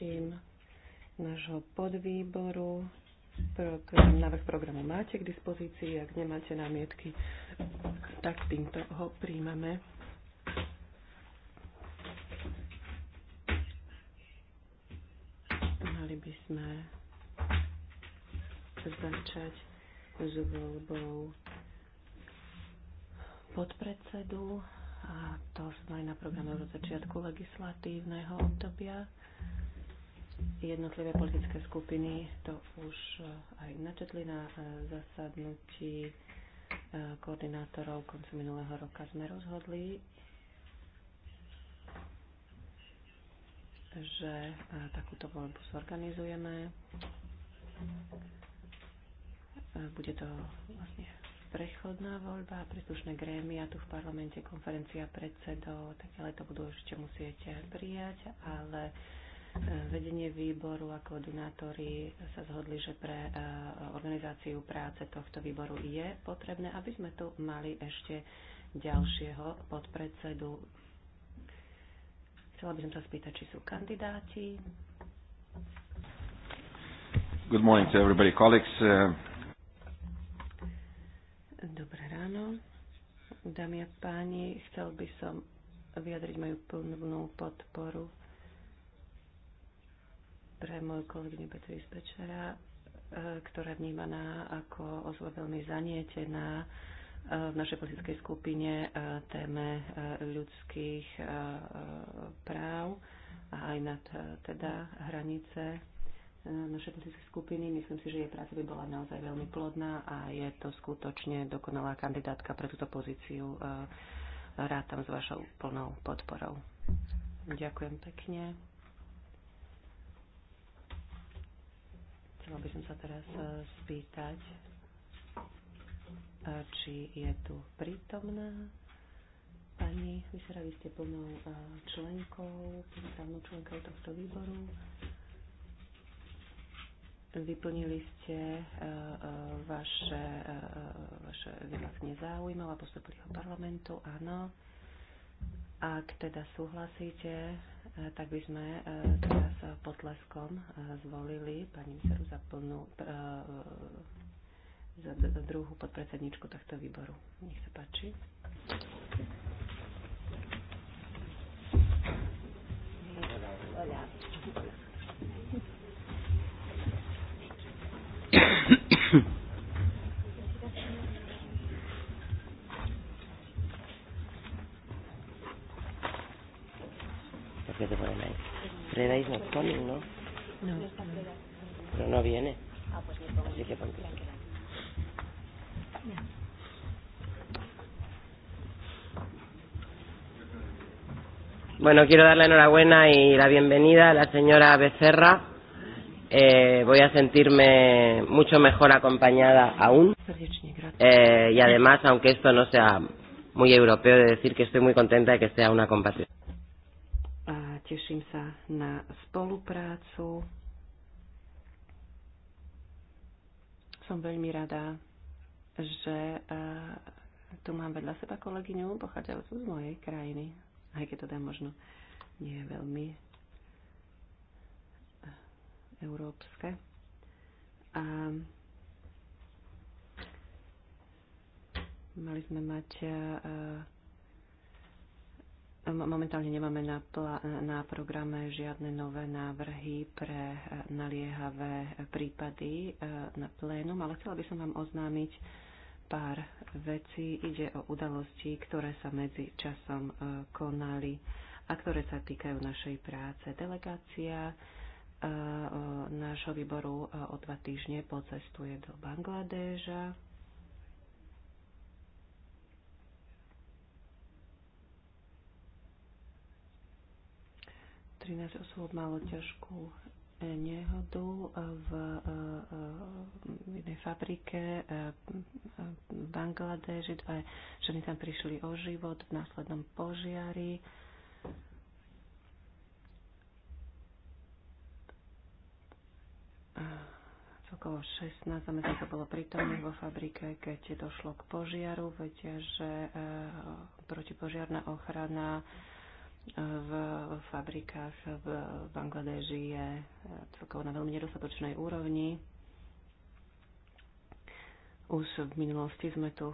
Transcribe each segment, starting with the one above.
stretnutím nášho podvýboru. Program, návrh programu máte k dispozícii, ak nemáte námietky, tak týmto ho príjmame. Mali by sme začať s voľbou podpredsedu a to sme aj na programe od začiatku legislatívneho obdobia. Jednotlivé politické skupiny to už eh, aj načetli na eh, zasadnutí eh, koordinátorov koncu minulého roka. Sme rozhodli, že takúto voľbu zorganizujeme. Bude to vlastne prechodná voľba, príslušné grémia tu v parlamente, konferencia predsedov, tak ďalej to budú ešte musieť prijať, ale vedenie výboru a koordinátori sa zhodli, že pre e, organizáciu práce tohto výboru je potrebné, aby sme tu mali ešte ďalšieho podpredsedu. Chcela by som sa spýtať, či sú kandidáti. Good morning to everybody, colleagues. Dobré ráno. Dámy a páni, chcel by som vyjadriť moju plnú podporu pre moju kolegyňu Petru Ispečera, e, ktorá vnímaná ako osoba veľmi zanietená e, v našej politickej skupine e, téme ľudských práv a aj nad teda hranice našej politické skupiny. Myslím si, že jej práca by bola naozaj veľmi plodná a je to skutočne dokonalá kandidátka pre túto pozíciu. tam s vašou plnou podporou. Ďakujem pekne. Chcela by som sa teraz e, spýtať, e, či je tu prítomná pani. Vyzerali vy ste plnou e, členkou, plnoprávnou členkou tohto výboru. Vyplnili ste vaše, vaše vyhlásenie záujmov a postupili ho parlamentu. Áno. Ak teda súhlasíte, e, tak by sme e, teraz potleskom e, zvolili pani Miseru za plnú za druhú podpredsedničku tohto výboru. Nech sa páči. Hola. que te ponen ahí. Fredáis nos ponen, ¿no? No. Pero no viene. Ah, Así que ponte. Bueno, quiero dar la enhorabuena y la bienvenida a la señora Becerra. Eh, voy a sentirme mucho mejor acompañada aún. Eh, y además, aunque esto no sea muy europeo, de decir que estoy muy contenta de que sea una compasión. Teším sa na spoluprácu. Som veľmi rada, že e, tu mám vedľa seba kolegyňu pochádzajúcu z mojej krajiny, aj keď teda možno nie je veľmi e, európske. A mali sme mať uh, Momentálne nemáme na, na programe žiadne nové návrhy pre eh, naliehavé prípady eh, na plénum, ale chcela by som vám oznámiť pár vecí. Ide o udalosti, ktoré sa medzi časom eh, konali a ktoré sa týkajú našej práce. Delegácia nášho výboru o dva týždne pocestuje do Bangladeža 13 osôb malo ťažkú e, nehodu e, e, v jednej fabrike v Bangladeži. Dva ženy tam prišli o život v následnom požiari. Celkovo 16 zamestnancov bolo prítomných vo fabrike, keď došlo k požiaru. vedia, že protipožiarna ochrana v fabrikách v Bangladeži je eh, celkovo na veľmi nedostatočnej úrovni. Už v minulosti sme tu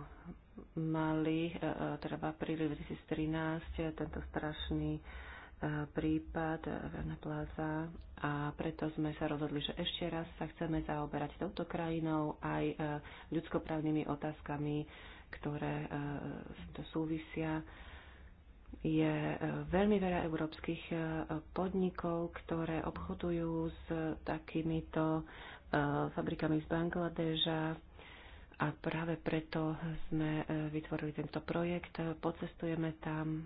mali, eh, eh, teda v apríli 2013, tento strašný prípad Verna Plaza a preto sme sa rozhodli, že ešte raz sa chceme zaoberať touto krajinou aj ľudskoprávnymi otázkami, ktoré s to súvisia je e, veľmi veľa európskych e, podnikov, ktoré obchodujú s takýmito e, fabrikami z Bangladeža a práve preto sme vytvorili tento projekt. Pocestujeme tam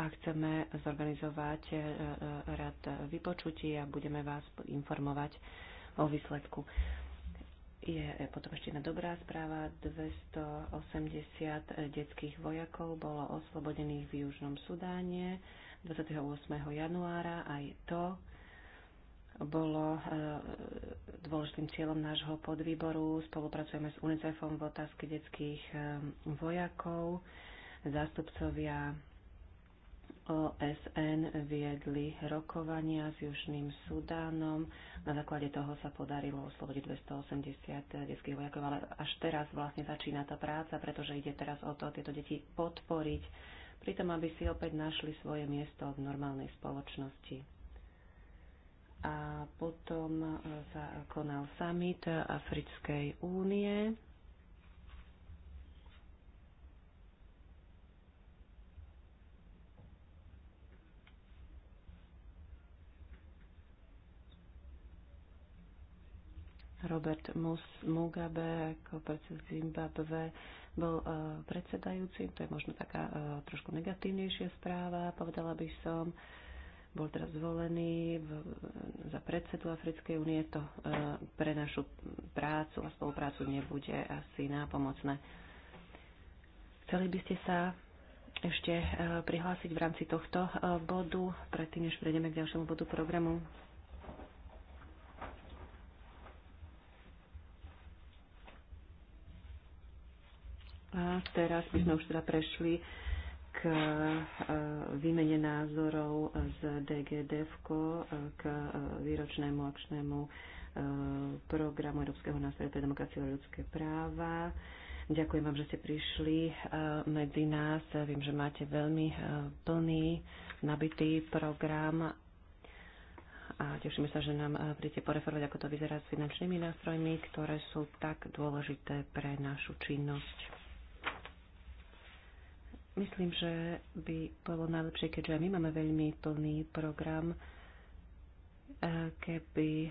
a chceme zorganizovať rad vypočutí a budeme vás informovať o výsledku je potom ešte jedna dobrá správa. 280 detských vojakov bolo oslobodených v Južnom Sudáne 28. januára. Aj to bolo e, dôležitým cieľom nášho podvýboru. Spolupracujeme s UNICEFom v otázke detských e, vojakov. Zástupcovia OSN viedli rokovania s Južným Sudánom. Na základe toho sa podarilo oslobodiť 280 detských vojakov, ale až teraz vlastne začína tá práca, pretože ide teraz o to tieto deti podporiť, pritom aby si opäť našli svoje miesto v normálnej spoločnosti. A potom sa konal summit Africkej únie Robert Mugabe ako predsed Zimbabwe bol e, predsedajúcim, to je možno taká e, trošku negatívnejšia správa, povedala by som. Bol teraz zvolený v, za predsedu Africkej únie, to e, pre našu prácu a spoluprácu nebude asi nápomocné. Chceli by ste sa ešte prihlásiť v rámci tohto bodu, predtým, než prejdeme k ďalšiemu bodu programu? A teraz by sme už teda prešli k e, výmene názorov z DGDFko e, k e, výročnému akčnému programu Európskeho nástroja pre demokraciu a ľudské práva. Ďakujem vám, že ste prišli medzi nás. Viem, že máte veľmi plný, nabitý program a tešíme sa, že nám príďte poreferovať, ako to vyzerá s finančnými nástrojmi, ktoré sú tak dôležité pre našu činnosť. Myslím, že by bolo najlepšie, keďže my máme veľmi plný program, e, keby e,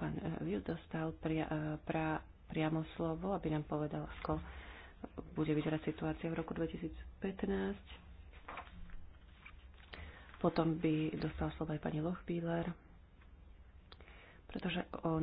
pán Viu dostal pria, e, pra, priamo slovo, aby nám povedal, ako bude vyzerať situácia v roku 2015. Potom by dostal slovo aj pani Lochbíler, pretože on